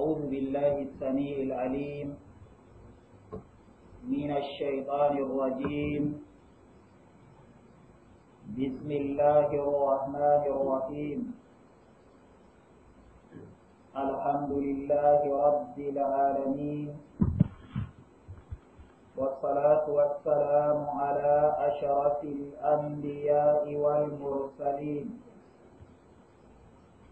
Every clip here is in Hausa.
أعوذ بالله السميع العليم من الشيطان الرجيم بسم الله الرحمن الرحيم الحمد لله رب العالمين والصلاة والسلام على أشرف الأنبياء والمرسلين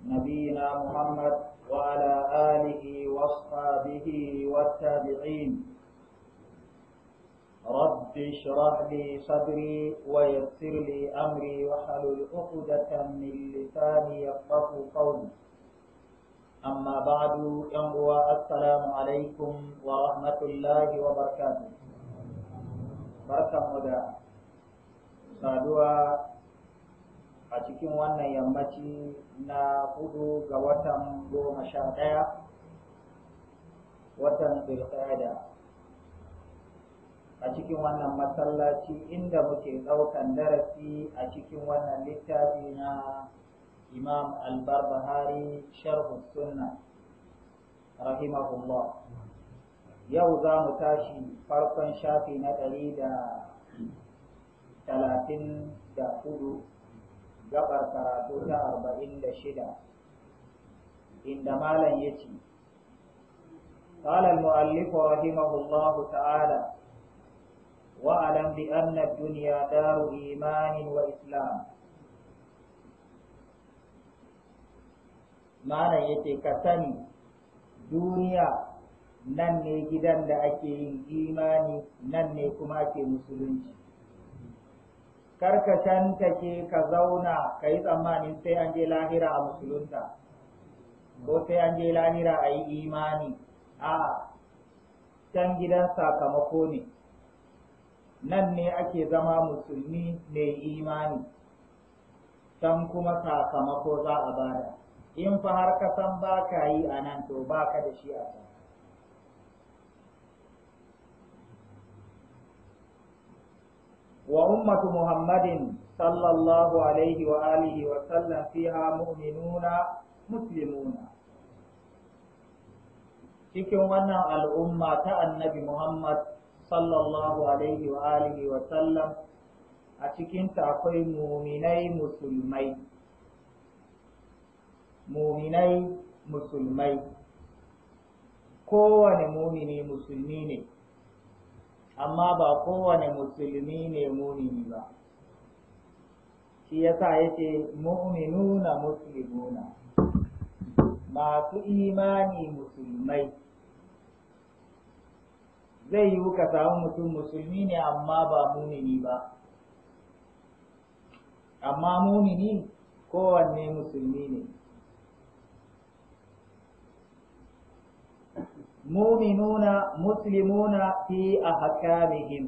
نبينا محمد وعلى آله واصحابه والتابعين رب اشرح لي صدري ويسر لي أمري واحلل عقدة من لساني يفقه قولي أما بعد ينبوى السلام عليكم ورحمة الله وبركاته بركة مدى سادوا a cikin wannan yammaci na hudu ga watan goma sha ɗaya watan zulqa'ada a cikin wannan masallaci inda muke ɗaukan darasi a cikin wannan littafi na imam al sharhu sunna rahimahullah yau za mu tashi farkon shafi na ɗari da talatin da hudu gabar karatu ta arba'in da shida inda malam ya ce قال المؤلف رحمه الله تعالى duniya, بأن الدنيا دار wa Islam. malam ya ce ka sani duniya nan ne gidan da ake yin imani nan ne kuma ake musulunci kar ka take ka zauna ka yi tsammanin sai an je lahira a musulunta ko sai an je lahira a yi imani a can gidan sakamako ne nan ne ake zama musulmi mai imani can kuma sakamako za a bada in fa har ka san ba ka yi a nan to ba ka da shi a can وأمة محمد صلى الله عليه وآله وسلم فيها مؤمنون مسلمون cikin wannan al'umma ta annabi Muhammad sallallahu alaihi wa alihi wa sallam a cikinta akwai muminai musulmai muminai musulmai kowane mumini musulmi ne amma ba kowane musulmi ne mumini ba shi yasa yace mu'minuna muslimuna masu imani musulmai zai yiwu ka samu mutum musulmi ne amma ba mumini ba amma mumini kowanne musulmi ne mu'minuna muslimuna fi ahkamihim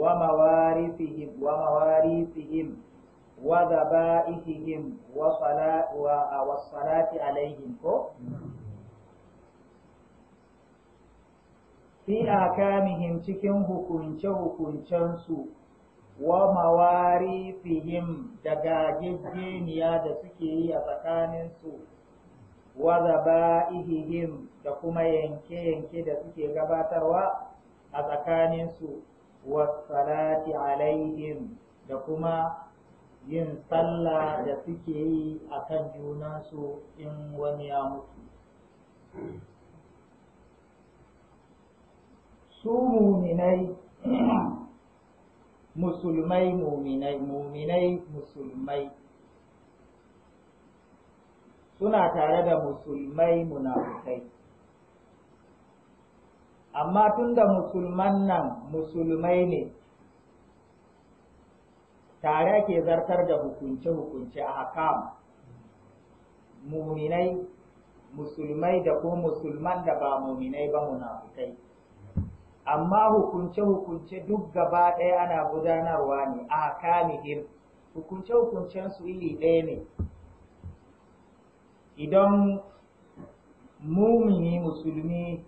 wa mawarithihim wa mawarithihim wa dhabaihihim uh, wa salati wa salati alaihim ko fi akamihim cikin hukunce-hukuncensu wa mawarifihim da gajejjeniya da suke yi a tsakaninsu wa zaba'ihim da kuma yanke-yanke da suke gabatarwa a tsakaninsu su wasalati alaihim da kuma yin sallah da suke yi a kan junansu in wani ya mutu su muminai musulmai muminai muminai musulmai suna tare da musulmai munafukai amma tunda musulman nan musulmai ne tare ke zartar da hukunce-hukunce a hakam muminai musulmai da ko musulman da ba muminai ba munafukai amma hukunce-hukunce duk gaba ɗaya ana gudanarwa ne a hakamihim hukunce su iri ɗaya ne idan mumini musulmi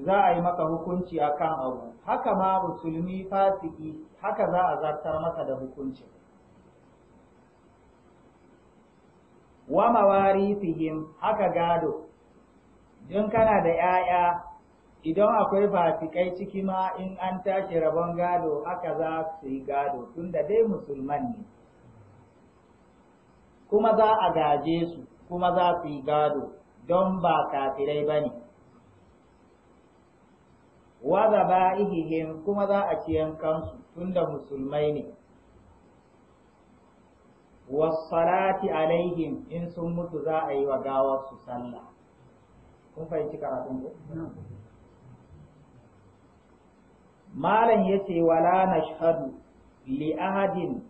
za a yi maka hukunci a kan abu haka ma musulmi fasiki haka za a zartar maka da hukunci. wa fihim haka gado don kana da 'ya'ya idan akwai fasikai ciki ma in an tashi rabon gado haka za su yi gado tunda dai musulman ne kuma za a gaje su kuma za su yi gado don ba kafirai ba ne waza ba ihihim kuma za a ci yankansu da musulmai ne wasalati alaihim in sun mutu za a yi wa gawar su sallah kun fahimci karatun ku? malam yace wala nashhadu li ahadin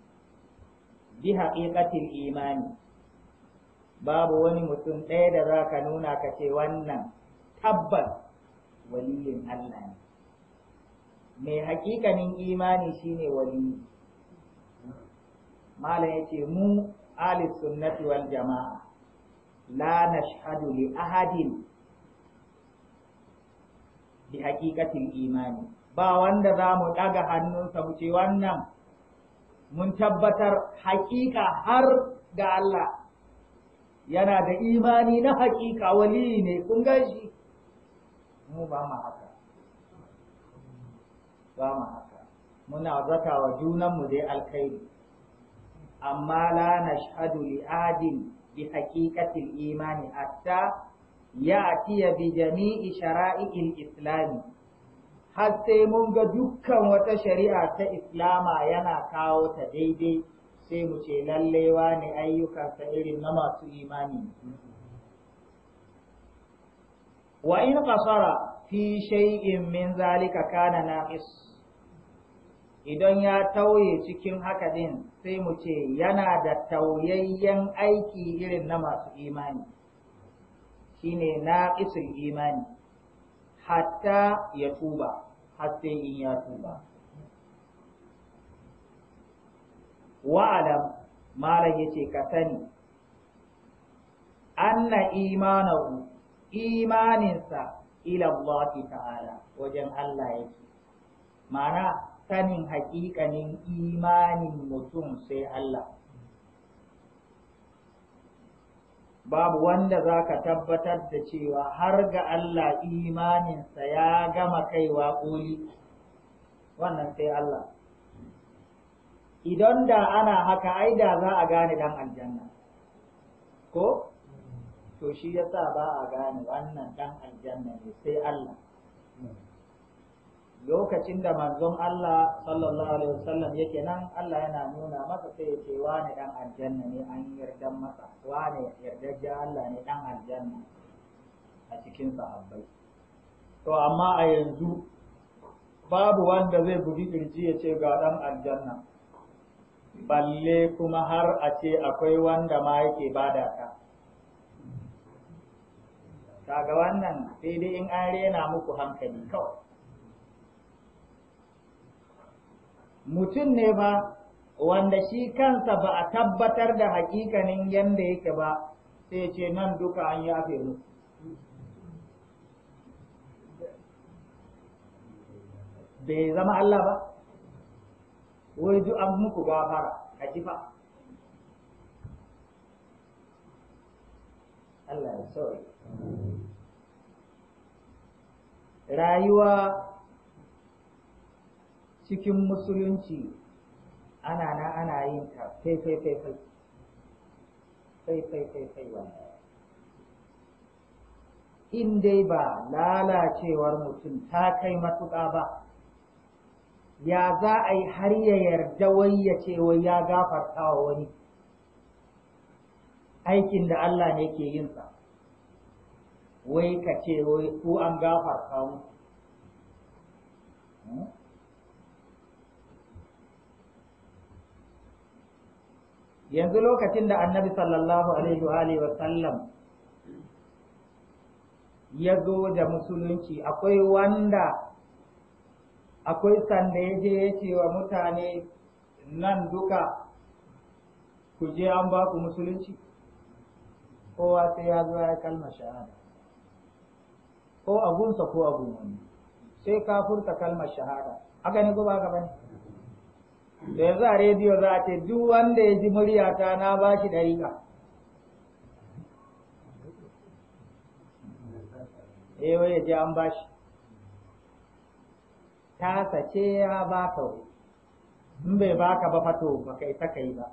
bi haƙiƙatin imani babu wani mutum ɗaya da za ka nuna ka ce wannan tabbas waliyin Allah ne mai haƙiƙanin imani shine wali malam ya ce mu ahli sunnati wal jama'a la nashhadu li ahadin bi haƙiƙatin imani ba wanda za mu ɗaga hannunsa mu ce wannan mun tabbatar haƙiƙa har ga Allah yana da imani na haƙiƙa wali ne kun gashi mu ba mu haka ba mu haka muna zata wa junanmu dai alkhairi amma la nashhadu li adin bi haqiqatil imani hatta ya'tiya bi jami'i shara'i'il islami har sai mun ga dukkan wata shari'a ta islama yana kawo ta daidai sai mu ce lallewa ne ayyukansa irin na masu imani wa in qasara fi shay'in min zalika kana naqis idan ya tauye cikin haka din sai mu ce yana da tauyayyen aiki irin na masu imani shine naqisul imani hatta ya tuba har sai in ya tuba wa'alam malam yace ka sani anna imanahu imaninsa ilallahi ta'ala wajen Allah yake ma'ana sanin haƙiƙanin imanin mutum sai Allah babu wanda za ka tabbatar da cewa har ga Allah imaninsa ya gama kaiwa ƙoli wannan sai Allah idan da ana haka ai da za a gane dan aljanna ko to shi yasa ba a gane wannan dan aljanna ne sai Allah lokacin da manzon Allah sallallahu alaihi wasallam yake nan Allah yana nuna masa sai ya ce wane dan aljanna ne an yarda masa wane yardajja Allah ne dan aljanna a cikin sahabbai to amma a yanzu babu wanda zai bugi kirji ya ce ga dan aljanna balle kuma har a ce akwai wanda ma yake bada ka kaga wannan sai dai in an rena muku hankali kawai mutum ne ba wanda shi kansa ba a tabbatar da hakikanin yanda yake ba sai ce nan duka an yafe mu bai zama Allah ba wai an muku gafara a jifa Allah ya sauri rayuwa cikin musulunci ana nan ana yin ta kai kai-kai-kai kai kai kai in dai ba lalacewar mutum ta kai matuƙa ba ya za a yi har ya yarda wai ya ce wai ya gafarta wa wani aikin da Allah ne ke yinsa wai ka ce wai ko an gafarta mu yanzu lokacin da annabi sallallahu alaihi wa sallam ya zo da musulunci akwai wanda akwai sanda ya je ya ce wa mutane nan duka ku je an ba ku musulunci kowa sai ya zo ya kalma shahada ko abunsa ko abun wani sai ka furta kalmar shahada haka ne ko ba ka bane to yanzu a rediyo za a ce duk wanda ya ji muryata na ba shi ɗariƙa Ewa eh, ya ji an ba shi ta sace ya ba ka in bai ba ka ba fato ba kai ta kai ba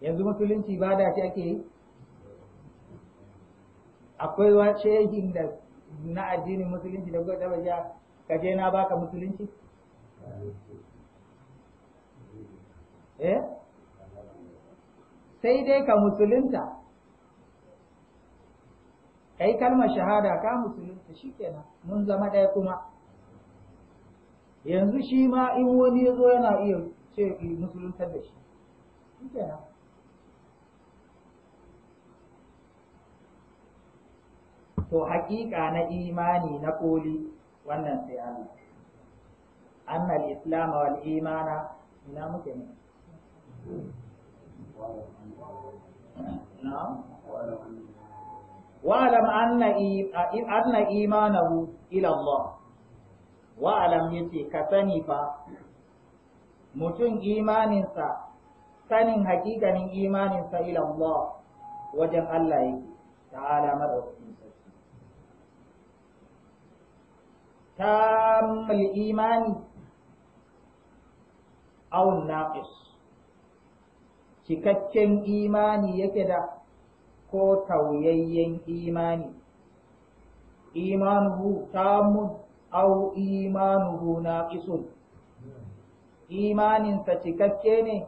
yanzu musulunci ba da shi ake yi akwai wa shehin da na addinin musulunci da gwada ba ja ka je na baka musulunci eh sai dai ka musulunta kai kalmar shahada ka musulunta shikenan mun zama ɗaya kuma yanzu shi ma in wani ya zo yana iya ce musuluntar da shi shikenan to haƙiƙa na imani na koli wannan sai Allah annal islam wal imana ina muke ne wa'alam anna imanahu ila Allah wa'alam yace ka sani fa mutum imaninsa sanin hakikanin imaninsa ila Allah wajen Allah yake ta'ala madauki تام الإيمان أو الناقص cikakken imani yake da ko tauyayyen imani imanuhu tamun au imanuhu naqisun imaninsa cikakke ne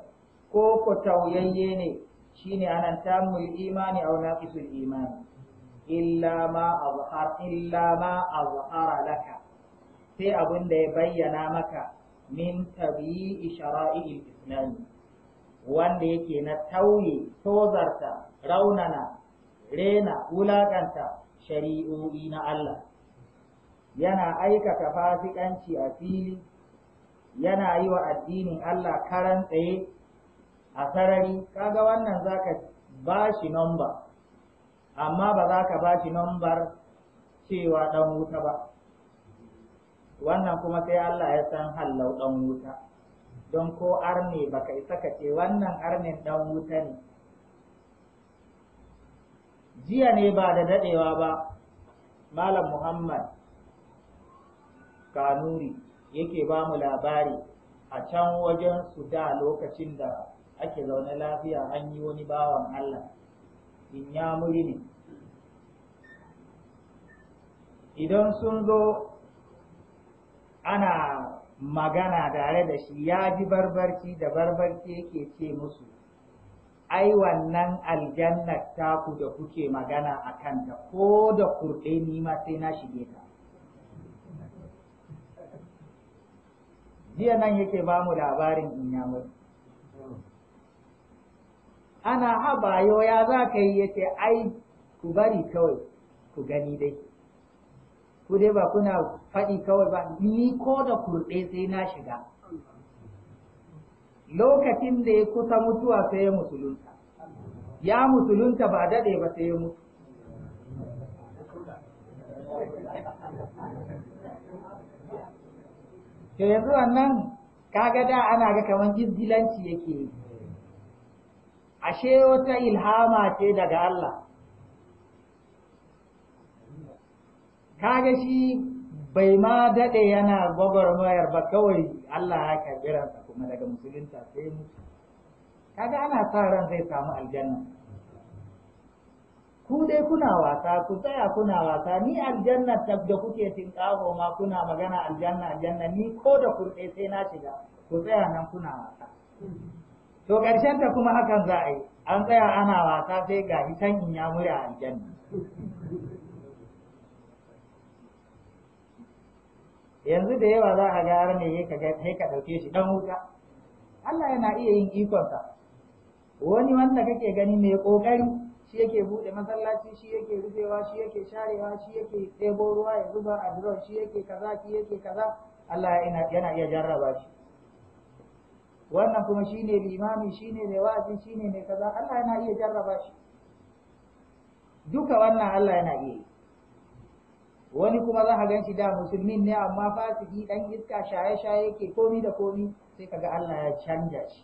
ko ko tauyayye ne shine anan tamul imani au naqisul imani illa ma azhar illa ma azhara laka sai abin da ya bayyana maka min tabi'i shara'il islami wanda yake na tauye tozarta raunana rena wulaƙanta shari'o'i na Allah yana aikata fasikanci a fili yana yi wa addinin Allah karan tsaye a sarari kaga wannan zaka ba shi nomba amma ba za ka ba shi nombar cewa ɗan wuta ba wannan kuma sai Allah ya san hallau dan wuta don ko arne baka isa ka ce wannan arnin dan wuta ne jiya ne ba da daɗewa ba malam muhammad kanuri yake ba mu labari a can wajen su da lokacin da ake zaune lafiya an yi wani bawan allah in ya muri ne idan sun zo ana magana tare da shi ya ji barbarci da barbarci yake ce musu ai wannan aljannar taku da kuke magana a kanta ko da kurɗe ni ma sai na shige ta jiya nan yake ba mu labarin inyamur ana habayo ya za ka yi yace ai ku bari kawai ku gani dai ku dai ba kuna faɗi kawai ba ni ko da kurɗe sai na shiga lokacin da ya kusa mutuwa sai ya musulunta ya musulunta ba daɗe ba sai ya mutu to yanzu wannan kaga da ana ga kamar jizgilanci yake ashe wata ilhama ce daga Allah kaga shi bai ma daɗe yana gwagwarmayar ba kawai Allah ya karbi ransa kuma daga musulunta sai mu kaga ana sa ran zai samu aljanna ku dai kuna wasa ku tsaya kuna wasa ni aljanna ta da kuke kawo ma kuna magana aljanna aljanna ni ko da kun sai na shiga ku tsaya nan kuna wasa to ƙarshen ta kuma hakan za a yi an tsaya ana wasa sai ga hitan in ya mura aljanna yanzu da yawa za a ga ne ya kaga sai ka ɗauke shi ɗan wuta Allah yana iya yin ikonsa wani wanda kake gani mai ƙoƙari shi yake buɗe masallaci shi yake rufewa shi yake sharewa shi yake ɗebo ruwa ya zuba a duro shi yake kaza shi yake kaza Allah yana iya jarraba shi wannan kuma shi ne limami shi ne mai wa'azi ne mai kaza Allah yana iya jarraba shi duka wannan Allah yana iya yi. wani kuma za ka gan shi da musulmin ne amma fasiki dan iska shaye-shaye yake komi da komi sai kaga Allah ya canja shi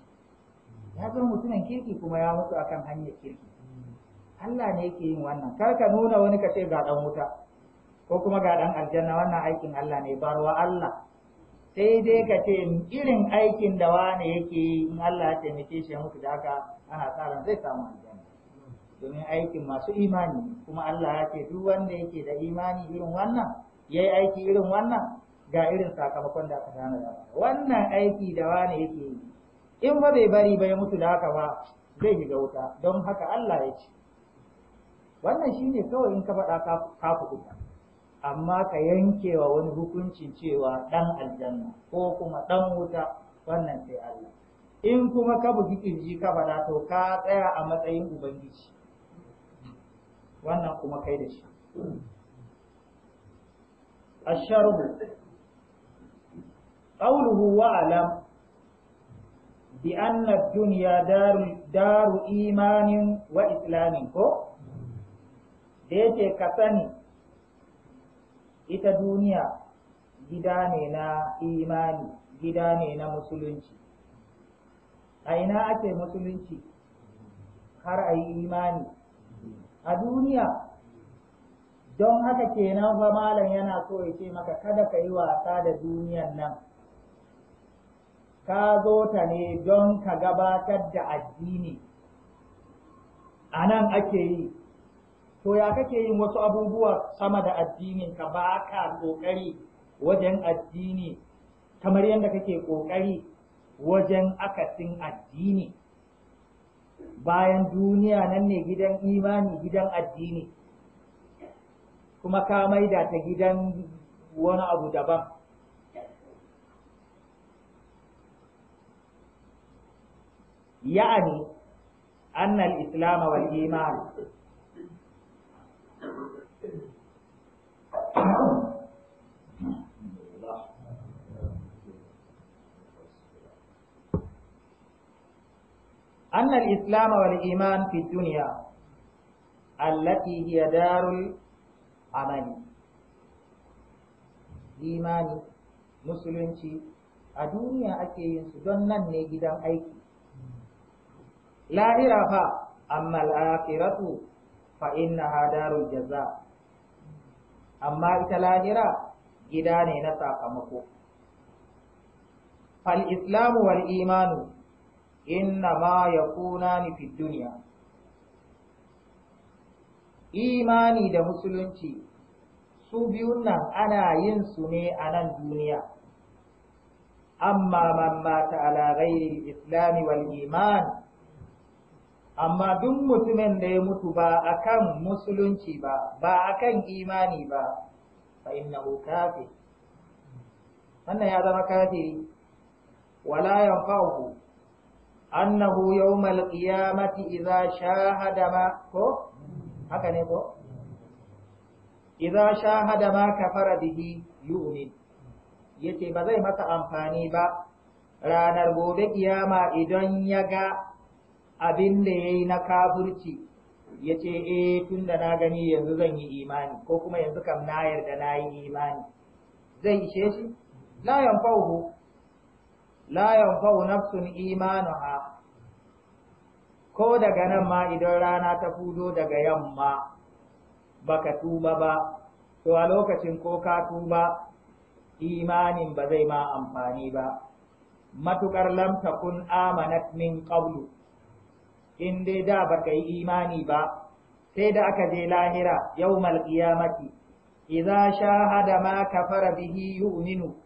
ya zama mutumin kirki kuma ya mutu akan hanyar kirki Allah ne yake yin wannan kar ka nuna wani ka ce ga dan wuta ko kuma ga dan aljanna wannan aikin Allah ne barwa Allah sai dai ka ce irin aikin da wane yake yi in Allah ya taimake shi ya mutu da haka ana sa zai samu aljanna domin aikin masu imani kuma Allah ya ce duk wanda yake da imani irin wannan yayi aiki irin wannan ga irin sakamakon da aka gane da wannan aiki da wani yake yi in ba bai bari ba ya mutu da haka ba zai shiga wuta don haka Allah ya ce wannan shine kawai in ka faɗa ka kuɗa amma ka yankewa wani hukuncin cewa ɗan aljanna ko kuma ɗan wuta wannan sai Allah in kuma ka bugi kirji ka faɗa to ka tsaya a matsayin ubangiji wannan kuma kai da shi asharhu qawluhu wa alam bi anna ad daru daru imanin wa islamin ko da yake ka sani ita duniya gida ne na imani gida ne na musulunci a ina ake musulunci har a yi imani a duniya don haka kenan fa malam yana so ya ce maka kada ka yi wasa da duniyan nan ka zo ta ne don ka gabatar da addini a nan ake yi to ya kake yin wasu abubuwa sama da addinin ka ba ka ƙoƙari wajen addini kamar yadda kake ƙoƙari wajen akasin addini bayan duniya nan ne gidan imani gidan addini kuma ka maida ta gidan wani abu daban ya'ani annal islam wal iman أن الإسلام والإيمان في الدنيا التي هي دار العمل إيمان مسلمتي الدنيا أكيد سجنا نجدا أيك لا إرفا أما الآخرة فإنها دار الجزاء أما الآخرة gida ne na sakamako. Al-Islamu wal imanu innama yakunani fid dunya imani da musulunci su biyun nan ana yin su ne a nan duniya amma man mata ala ghairi islami wal iman amma duk mutumin da ya mutu ba akan musulunci ba ba akan imani ba fa innahu kafir wannan ya zama kafiri wala yanfa'u annahu yawmal qiyamati idza shahada ma ko haka ne ko idza shahada ma kafara bihi yu'min yace ba zai masa amfani ba ranar gobe kiyama idan ya ga abin da yayi na kafirci yace eh tunda na gani yanzu zan yi imani ko kuma yanzu kam na yarda na yi imani zai ishe shi la yanfa'uhu la yanfa'u nafsun imanuha ko daga nan ma idan rana ta fudo daga yamma baka tuba ba to a lokacin ko ka tuba imanin ba zai ma amfani ba matukar lam kun amanat min qablu in dai da baka yi imani ba sai da aka je lahira yawmal qiyamati idza shahada ma kafara bihi yu'minu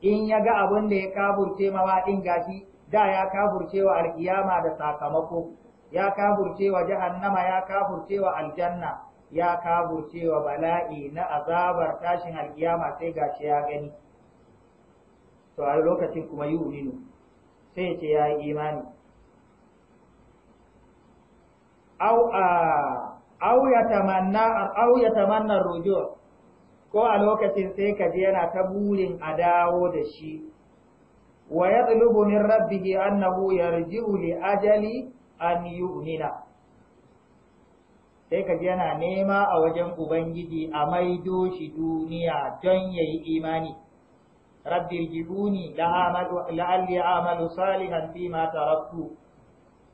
in ya ga abin da ya kaburce mawa ɗin gashi da ya kaburce wa alƙiyama da sakamako ya kaburce wa jahannama ya kaburce wa aljanna ya kaburce wa bala'i na azabar tashin alƙiyama, sai gashi ya gani to a lokacin kuma yi uninu sai ce ya yi imani au ya tamanna rojo? ko a lokacin sai ka je yana ta burin a dawo da shi wa yatlubu min rabbihi annahu yarji'u li ajali an yu'mina sai ka yana nema a wajen ubangiji a maido shi duniya don ya yi imani rabbi rji'uni la'alli a'malu salihan fi ma taraktu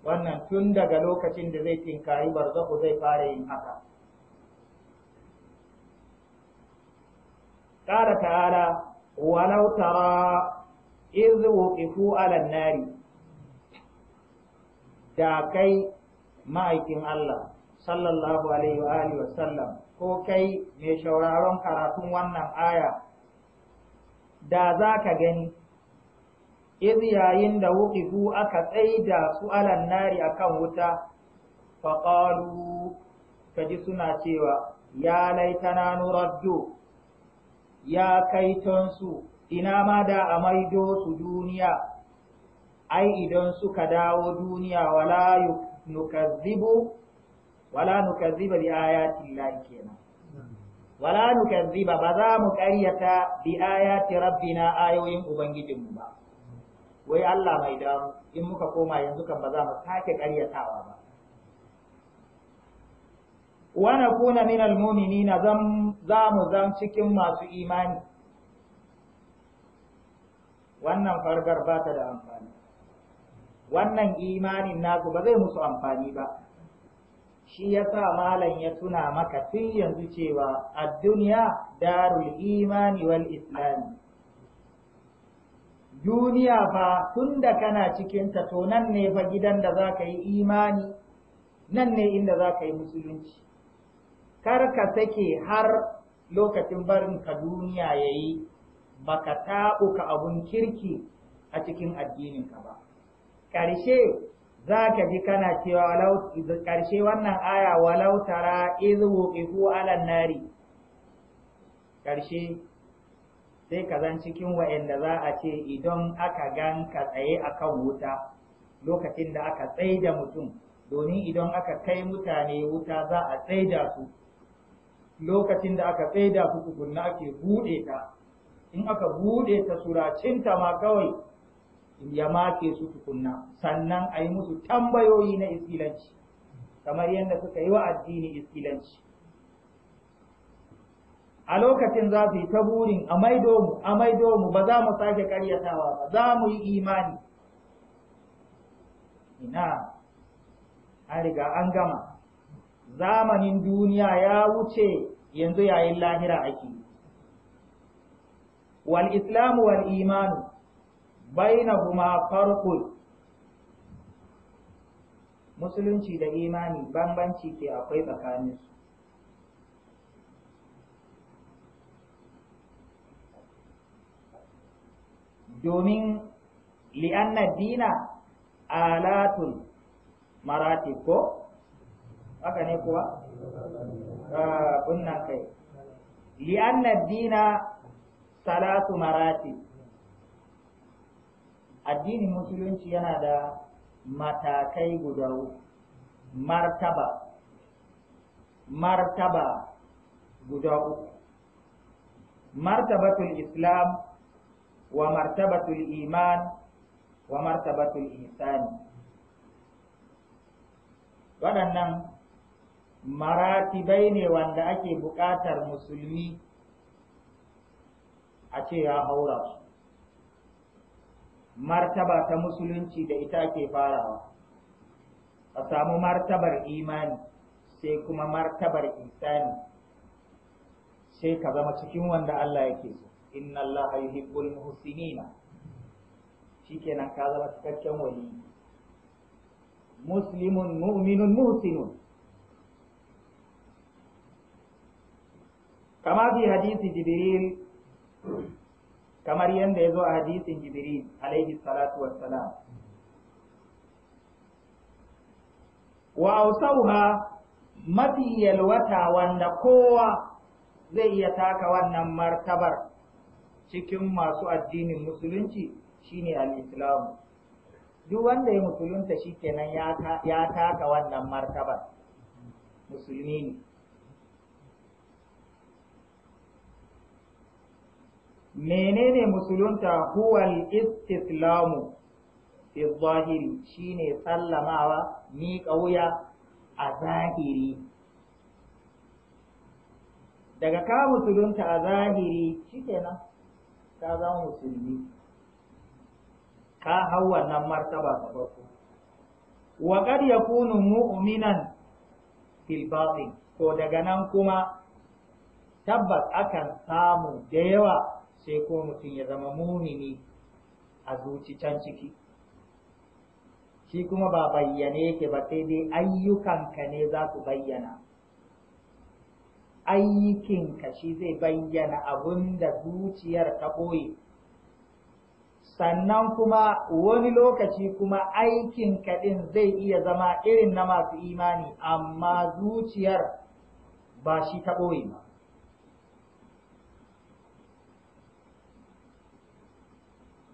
wannan tun daga lokacin da zai tinkari barzakhu zai fara yin haka قال تعالى ولو ترى إذ وقفوا على النار da kai ma'aikin Allah sallallahu alaihi wa alihi wa sallam ko kai mai shauraron karatun wannan aya da za ka gani iz yayin da wuqifu aka tsaida su alan nari akan wuta fa qalu ji suna cewa ya laitana nuraddu ya kai su. ina ma da a maido su duniya ai idan suka dawo duniya wala nukazzibu wala nukazziba bi ayati llahi kenan wala nukazziba ba za mu ƙaryata bi ayati rabbina ayoyin ubangijinmu ba wai Allah mai damu in muka koma yanzu kan ba za mu sake ƙaryatawa ba wana nakuna minal mu'minina zam za mu zam cikin masu imani wannan fargar ba ta da amfani wannan imanin naku ba zai musu amfani ba shi yasa malam ya tuna maka tun yanzu cewa a duniya darul imani wal islami duniya fa tun da kana cikinta to nan ne fa gidan da za ka yi imani nan ne inda za ka yi musulunci kar ka sake har lokacin barin ka duniya ya yi ba ka abun kirki a cikin addininka ba ƙarshe za ka ji kana cewa ƙarshe wannan aya walau tara izu wuqifu alan nari ƙarshe sai ka zan cikin wa'anda za a ce idan aka gan ka tsaye kan wuta lokacin da aka tsaida mutum domin idan aka kai mutane wuta za a tsaida su lokacin da aka tsaida su tukunna ake buɗe ta in aka buɗe ta suracin ta ma kawai ya make su tukunna sannan a musu tambayoyi na iskilanci kamar yadda suka yi wa addini iskilanci a lokacin za su yi ta burin a maido mu a maido mu ba za mu sake karyatawa ba za mu yi imani ina an riga an gama zamanin duniya ya wuce yanzu yayin lahira ake wal islamu wal imanu bainahuma farqun musulunci da imani bambanci ke akwai tsakaninsu domin li'anna dina alatun maratib ko haka ne kuwa bunnan kai li'anna dina salatu marati addinin musulunci yana da matakai guda martaba martaba guda uku martabatul islam wa martabatul iman wa martabatul ihsani waɗannan maratibai ne wanda ake buƙatar musulmi a ce ya haura su martaba ta musulunci da ita ake farawa a samu martabar imani sai kuma martabar isani sai ka zama cikin wanda Allah yake so inna Allah yuhibbul muhsinin shikenan ka zama cikakken wali muslimun mu'minun muhsinun kama fi hadisi jibril kamar yadda ya zo a hadisin jibril alaihi salatu wassalam wa wanda kowa zai iya taka wannan martabar cikin masu addinin musulunci shine al Islam. duk wanda ya musulunta shikenan ya taka wannan martabar musulmi ne menene musulunta huwal istislamu fi zahiri shine sallamawa miƙa wuya a zahiri daga ka musulunta a zahiri shikenan ka zama musulmi ka hau wannan martaba ta farko wa kad yakunu mu'minan fil batin to daga nan kuma tabbas akan samu da yawa sai ko mutum ya zama mumini a zuciyar ciki shi kuma ba bayyane yake ba sai dai ayyukanka ne za su bayyana aikinka shi zai bayyana abun da zuciyar ta ɓoye sannan kuma wani lokaci kuma aikin kaɗin zai iya zama irin na masu imani amma zuciyar ba shi ta ɓoye ba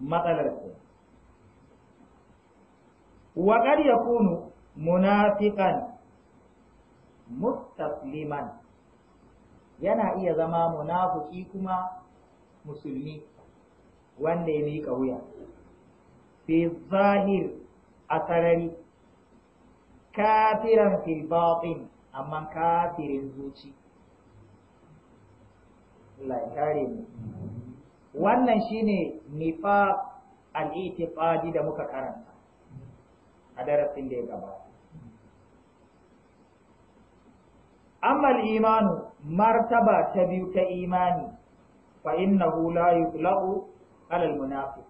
matsalar ce wa qad yakunu munafiqan mustasliman yana iya zama munafiki kuma musulmi wanda ya miƙa wuya fi zahir a sarari kafiran fil batin amma kafirin zuci Allah ya kare mu wannan shine nifa al-i'tiqadi da muka karanta a darasin da ya gabata amma imanu martaba ta biyu ta imani fa innahu la yutlaqu ala al-munafiq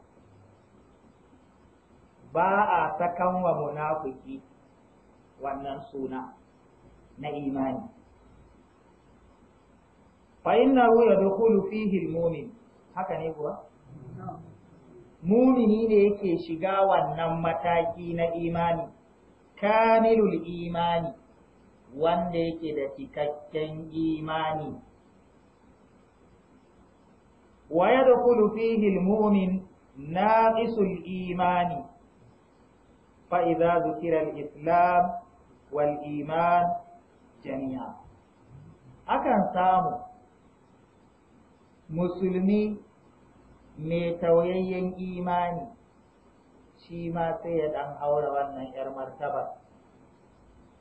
ba a sakan wa munafiki wannan suna na imani fa innahu yadkhulu fihi al-mu'min haka ne kuwa mumini ne yake shiga wannan mataki na imani kamilul imani wanda yake da cikakken imani wa da Kulu almu'min naqisul imani isul imani. dhukira al-islam wal iman jami'a akan samu musulmi mai tauyayyen imani shi ma sai ya ɗan haura wannan 'yar martaba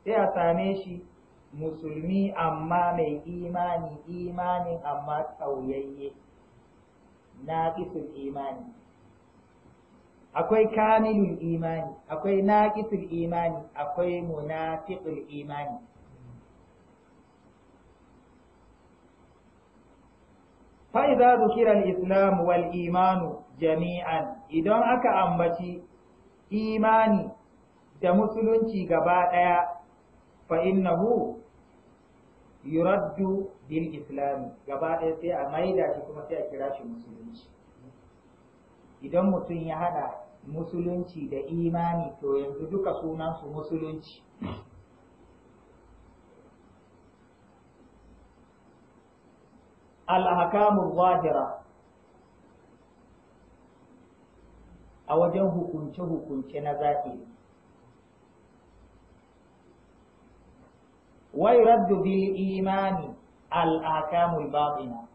sai a same shi musulmi amma mai imani imanin amma tauyayye na imani akwai kamilul imani akwai naqisul imani akwai munafiqul imani fa'iza zukirar islam wal imanu jami'an idan aka ambaci imani da musulunci gaba ɗaya fa'innahu yuraddu bil islami gaba ɗaya sai a maida shi kuma sai a kira shi musulunci idan mutum ya haɗa musulunci da imani to yanzu duka sunansu musulunci al'akamun zahira a wajen hukunce-hukunce na zafi. Wai raddu bil imani al'akamun baɗina,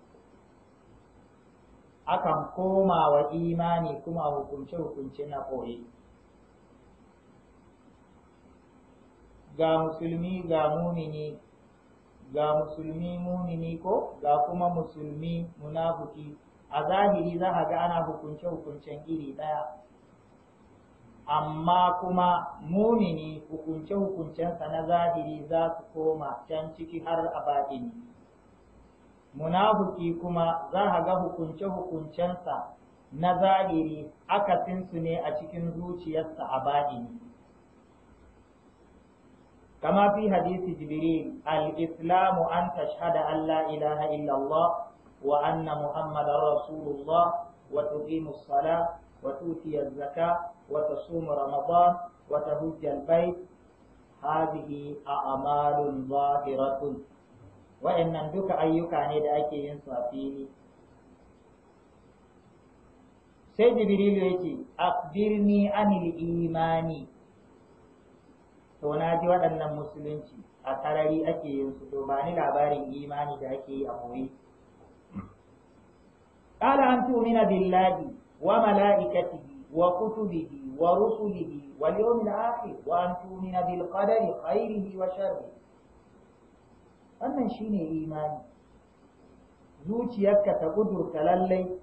akan koma wa imani kuma hukunce-hukunce na koyi. Ga musulmi ga mumini ga musulmi mumini ko ga kuma musulmi munafuki a zahiri za a ga ana hukunce hukuncen iri ɗaya amma kuma mumini hukunce hukuncensa na zahiri za su koma can ciki har abadini munafuki kuma za a ga hukunce hukuncensa na zahiri akasinsu ne a cikin zuciyarsa abadini كما في حديث جبريل الإسلام أن تشهد أن لا إله إلا الله وأن محمد رسول الله وتقيم الصلاة وتؤتي الزكاة وتصوم رمضان وتهج البيت هذه أعمال ظاهرة وإن دوك أيك عن يدعك ينسى فيه sai jibrilu ya ce akbirni anil imani to na ji waɗannan musulunci a sarari ake yin su to ba ni labarin imani da ake yi a koyi kutubihi wa rusulihi wa yawmil akhir wa an tu'mina bil qadari khairihi wa sharrihi wannan shine imani zuciyarka ta ta lallai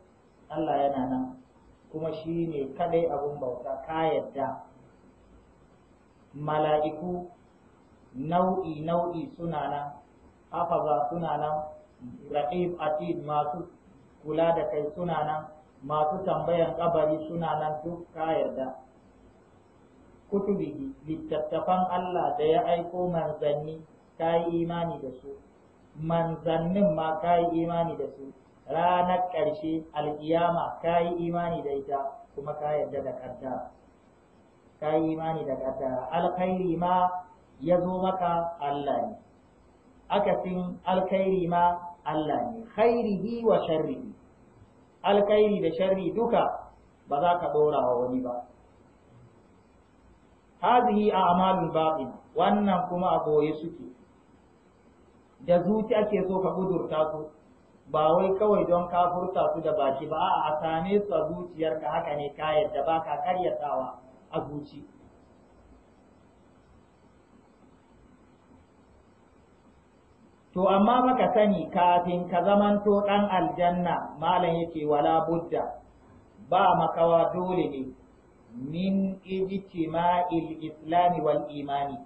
Allah yana nan kuma shine kadai abun bauta ka yadda mala'iku nau'i nau'i suna nan hafaza suna nan raqib atid masu kula da kai suna nan masu tambayan kabari suna nan duk ka yarda kutubi littattafan Allah da ya aiko manzanni ka yi imani da su manzannin ma ka yi imani da su ranar ƙarshe alƙiyama ka yi imani da ita kuma ka yarda da ƙaddara ka yi imani da kaddara alkhairi ma ya zo maka Allah ne akasin alkhairi ma Allah ne khairihi wa sharrihi alkhairi da sharri duka ba za ka dora wa wani ba hadhihi a'malul batin wannan kuma a boye suke da zuci ake so ka gudurta su ba wai kawai don ka furta su da baki ba a same su a zuciyarka haka ne ka yadda ba ka karyatawa a to amma maka sani kafin ka zamanto ɗan aljanna malam yake wala budda ba makawa dole ne min ijtima'il islami wal imani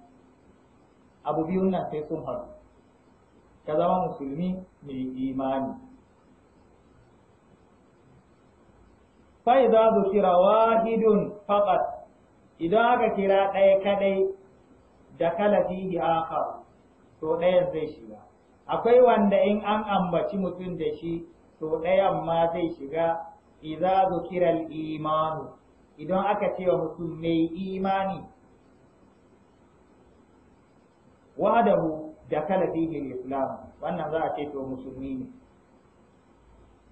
abu biyun nan sai sun haɗu ka zama musulmi mai imani fa idza dhukira wahidun faqat idan aka kira ɗaya kadai da kala fihi akhar to ɗayan zai shiga akwai wanda in an ambaci mutum da shi to ɗayan ma zai shiga idza zo kira imanu idan aka ce wa mutum mai imani wadahu da kala fihi islam wannan za a ce to musulmi ne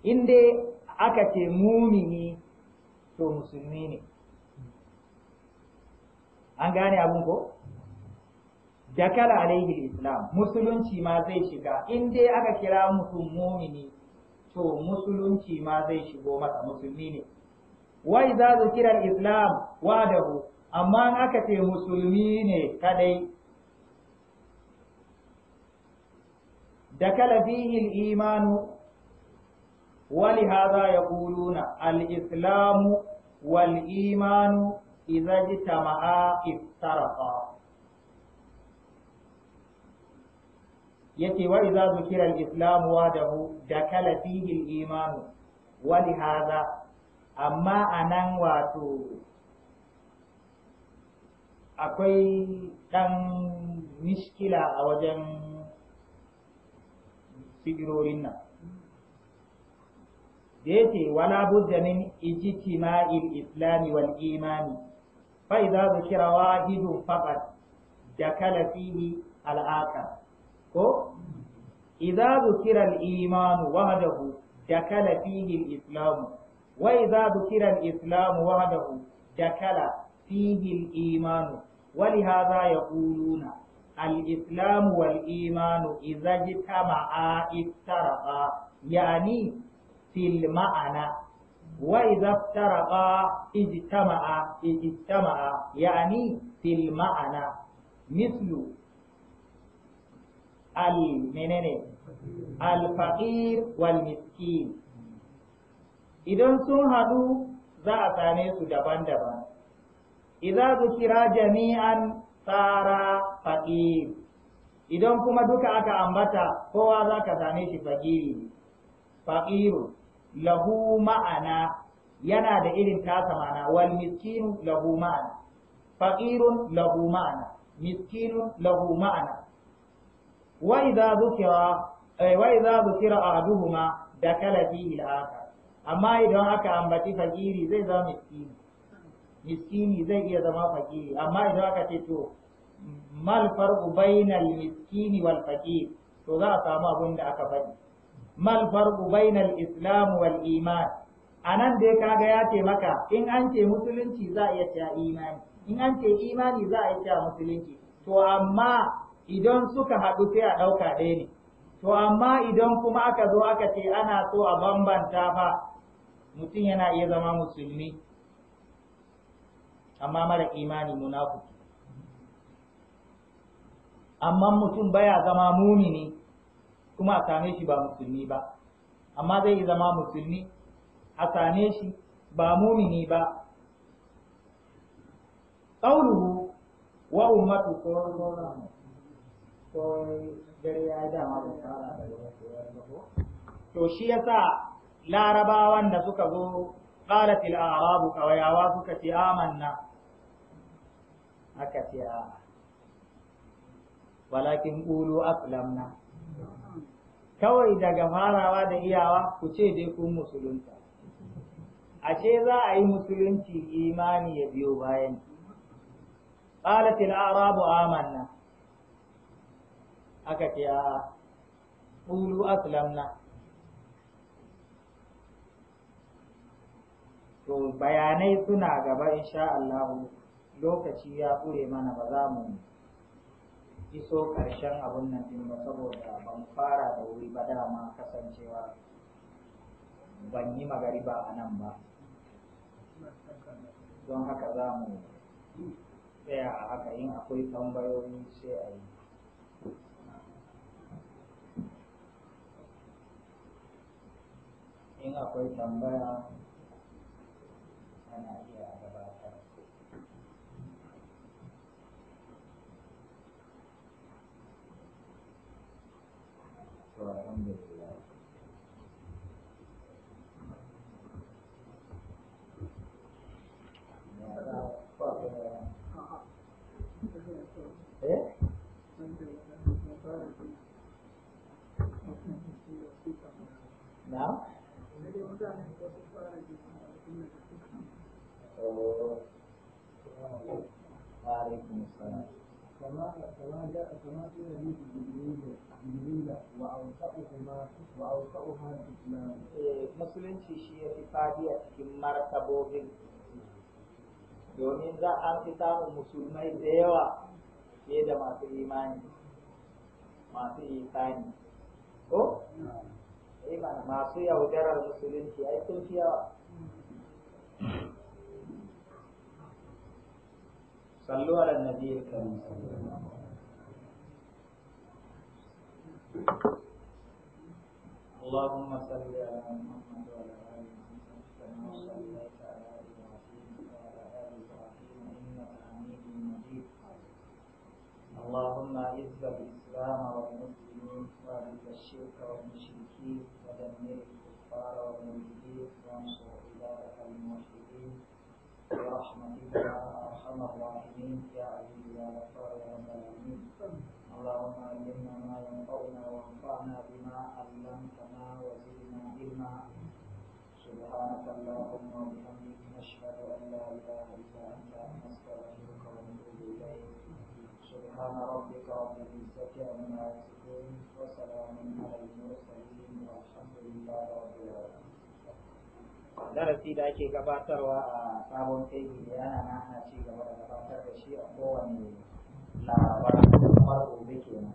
inda aka ce mumini to musulmi ne an gane abun ko dakala alaihi islam musulunci ma zai shiga in dai aka kira mutum mumini to musulunci ma zai shigo masa musulmi ne wa idza zikira islam wadahu amma in aka ce musulmi ne kadai dakala fihi ya imanu Al-Islamu-wal-imanu. إذا اجتمعا افترقا yace wa idza zukira al-islam wadahu dakala fihi al-iman wa li hadha amma anan wato akwai ɗan mishkila a wajen figirorin nan da yace wala budda min ijtima'il islam wal imani fa idza dhukira wahidu faqat dakala fihi al-akhar ko idza dhukira al-iman wahdahu dakala fihi al-islam wa idza al-islam wahdahu imanu. fihi al-iman ولهذا يقولون الإسلام والإيمان إذا اجتمعا افترقا يعني في المعنى وإذا افترقا اجتمعا اجتمعا يعني في المعنى مثل المنين الفقير والمسكين Idan sun haɗu za a same su daban-daban su kira jami'an tsara faqir idan kuma duka aka ambata kowa za ka same shi faqiri faqiru lahu ma'ana yana da irin tasa ma'ana wal miskinu lahu ma'ana faqirun lahu ma'ana miskinun lahu ma'ana wa idza dhukira eh, wa idza dhukira ahaduhuma dakala fihi al-akhar amma idan aka ambaci fakiri zai zama miskini miskini zai iya zama fakiri amma idan aka ce to mal farqu bainal miskini wal faqir to za a samu abin da aka faɗi mal farqu bainal islam wal iman anan dai kaga ya ce maka in an ce musulunci za a iya cewa imani in an ce imani za a iya cewa musulunci to amma idan suka haɗu sai a ɗauka ɗaya ne to amma idan kuma aka zo aka ce ana so a bambanta fa mutum yana iya zama musulmi amma mara imani munafiki amma mutum baya zama mumini kuma a same shi ba musulmi ba amma zai zama musulmi a same shi ba mumini ba ƙauluhu wa ummatu to shi sa larabawan da suka zo qalat al ƙawayawa suka ce amanna aka ce a walakin qulu aslamna kawai daga farawa da iyawa ku ce dai kun musulunta ashe za a yi musulunci imani ya biyo bayan qalat arabu amanna aka ce a qulu aslamna to bayanai suna gaba insha Allah lokaci ya ƙure mana ba za mu iso ƙarshen abun nan din ba saboda ban fara da wuri ba dama kasancewa ban yi magari ba a nan ba don haka za mu tsaya a haka yin akwai tambayoyi sai a yi in akwai tambaya Eh, musulunci shi ya fi fadi a cikin martabobin domin za a fi samun musulmai da yawa fiye da masu imani masu isani ko eh, masu yaudarar musulunci ai sun fi yawa sallu ala nabiyil karim اللهم صل على محمد وعلى ال محمد كما صليت على ابراهيم وعلى ال ابراهيم انك حميد مجيد اللهم اعز الاسلام والمسلمين واذل الشرك والمشركين ودمر الكفار والملحدين وانصر عبادك الموحدين برحمتك يا ارحم الراحمين يا عزيز يا غفار يا رب العالمين اللهم علمنا ما ينفعنا وانفعنا بما علمتنا وزدنا علما سبحانك اللهم وبحمدك نشهد ان لا اله الا انت نستغفرك ونتوب اليك سبحان ربك رب العزه عما يصفون وسلام على المرسلين والحمد لله رب العالمين darasi da ake gabatarwa a sabon teburi yana nan ana ci gaba da gabatar da shi a kowane larabar gobe kenan